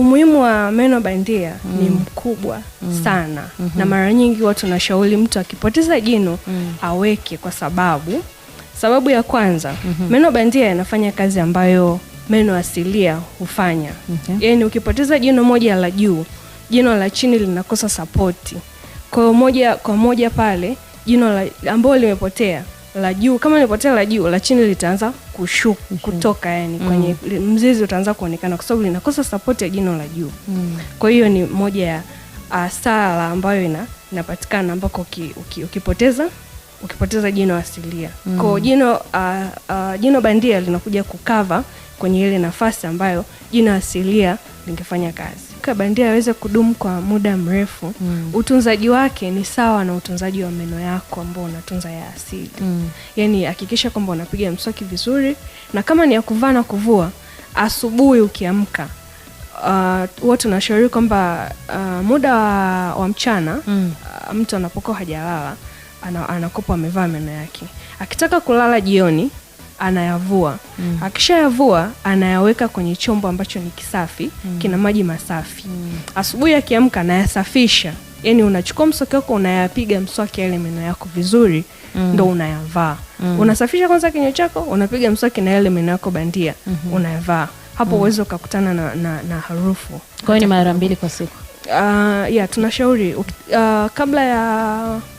Umuhimu wa meno bandia mm. ni mkubwa mm. sana mm -hmm. na mara nyingi watu nashauli mtu akipoteza jino mm. aweke, kwa sababu sababu ya kwanza mm -hmm. meno bandia yanafanya kazi ambayo meno asilia hufanya okay. Yaani ukipoteza jino moja la juu, jino la chini linakosa sapoti, kwa moja kwa moja pale jino ambalo limepotea la juu kama nilipotea la juu, la chini litaanza kushuka mm -hmm. kutoka yani mm -hmm. kwenye mzizi utaanza kuonekana kwa sababu linakosa support ya jino la juu mm -hmm. kwa hiyo ni moja ya ah, sala ambayo ina inapatikana ambako uki, uki, ukipoteza ukipoteza jino asilia mm. Kwa jino uh, uh, jino bandia linakuja kukava kwenye ile nafasi ambayo jino asilia lingefanya kazi mafuta bandia yaweze kudumu kwa muda mrefu mm. utunzaji wake ni sawa na utunzaji wa meno yako ambao unatunza ya asili mm. yaani hakikisha kwamba unapiga mswaki vizuri na kama ni ya kuvaa na kuvua asubuhi ukiamka uh, huwa uh, tunashauri kwamba uh, muda wa, wa mchana mm. uh, mtu anapokuwa hajalala anakopa amevaa meno yake akitaka kulala jioni anayavua mm. Akishayavua anayaweka kwenye chombo ambacho ni kisafi mm. kina maji masafi mm. Asubuhi akiamka anayasafisha, yani unachukua mswaki wako unayapiga mswaki yale meno yako vizuri mm. ndo unayavaa mm. Unasafisha kwanza kinywa chako, unapiga mswaki na yale meno yako bandia mm -hmm. unayavaa hapo, uwezi mm. ukakutana na, na, na harufu. Kwa ni mara mbili kwa siku uh, ah, yeah, tunashauri uh, kabla ya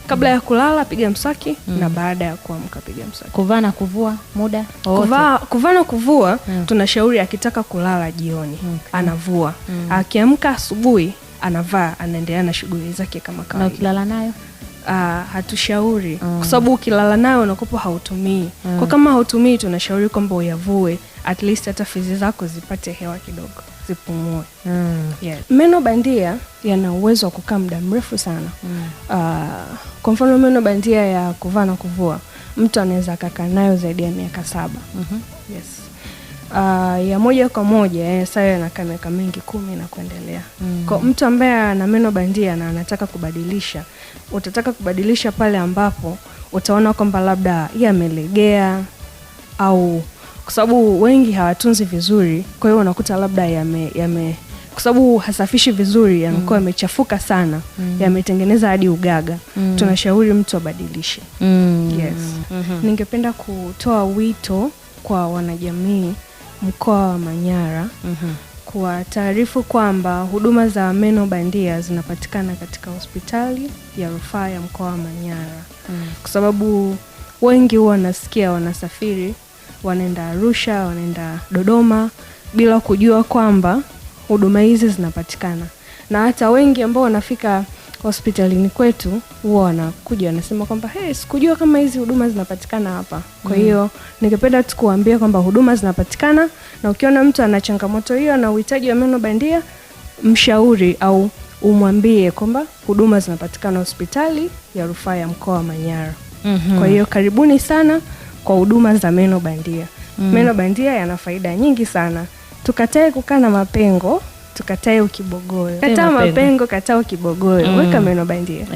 kabla ya kulala piga mswaki mm. na baada ya kuamka piga mswaki. Kuvaa na kuvua muda Kuvaa kuvaa na kuvua mm. tunashauri akitaka kulala jioni okay. Mm. anavua mm. akiamka asubuhi anavaa anaendelea na shughuli zake kama kawaida. Na ukilala nayo uh, hatushauri mm. kwa sababu ukilala nayo unakopo hautumii mm. kwa kama hautumii tunashauri kwamba uyavue at least hata fizi zako zipate hewa kidogo zipumue mm. yeah. meno bandia yana uwezo wa kukaa muda mrefu sana mm. uh, kwa mfano meno bandia ya kuvaa na kuvua mtu anaweza akakaa nayo zaidi ya miaka saba mm-hmm. yes uh, ya moja kwa moja eh, sawa yanakaa miaka mingi kumi na kuendelea mm. Kwa mtu ambaye ana meno bandia na anataka kubadilisha, utataka kubadilisha pale ambapo utaona kwamba labda yamelegea au kwa sababu wengi hawatunzi vizuri, kwa hiyo unakuta labda yame, yame kwa sababu hasafishi vizuri yamekuwa mm. yamechafuka sana mm. yametengeneza hadi ugaga mm. tunashauri mtu abadilishe. mm. Yes. mm -hmm. Ningependa kutoa wito kwa wanajamii mkoa wa Manyara mm-hmm. taarifu kwamba huduma za meno bandia zinapatikana katika hospitali ya rufaa ya mkoa wa Manyara mm. kwa sababu wengi huwa wanasikia wanasafiri wanaenda Arusha, wanaenda Dodoma bila kujua kwamba huduma hizi zinapatikana, na hata wengi ambao wanafika hospitalini kwetu huwa wanakuja wanasema kwamba hey, sikujua kama hizi huduma zinapatikana hapa. Kwa mm. hiyo mm. ningependa tu kuambia kwamba huduma zinapatikana, na ukiona mtu ana changamoto hiyo na uhitaji wa meno bandia, mshauri au umwambie kwamba huduma zinapatikana hospitali ya rufaa ya mkoa wa Manyara. mm -hmm. Kwa hiyo karibuni sana kwa huduma za meno bandia. mm. Meno bandia yana faida nyingi sana, tukatae kukaa na mapengo tukatae ukibogoyo, kataa mapengo, kataa ukibogoyo, mm. weka meno bandia.